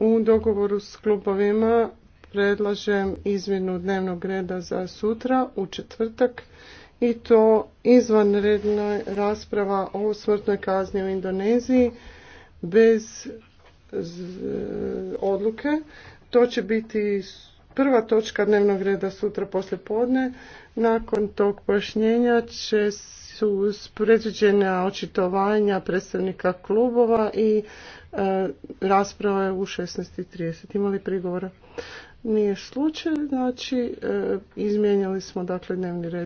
U dogovoru s klubovima predlažem izmjenu dnevnog reda za sutra u četvrtak i to izvanredna rasprava o smrtnoj kazni u Indoneziji bez odluke. To će biti prva točka dnevnog reda sutra poslije podne. Nakon tog pojašnjenja će su uz predviđena očitovanja predstavnika klubova i e, rasprave rasprava je u 16.30. Imali prigovora? Nije slučaj, znači e, izmijenjali smo dakle dnevni red.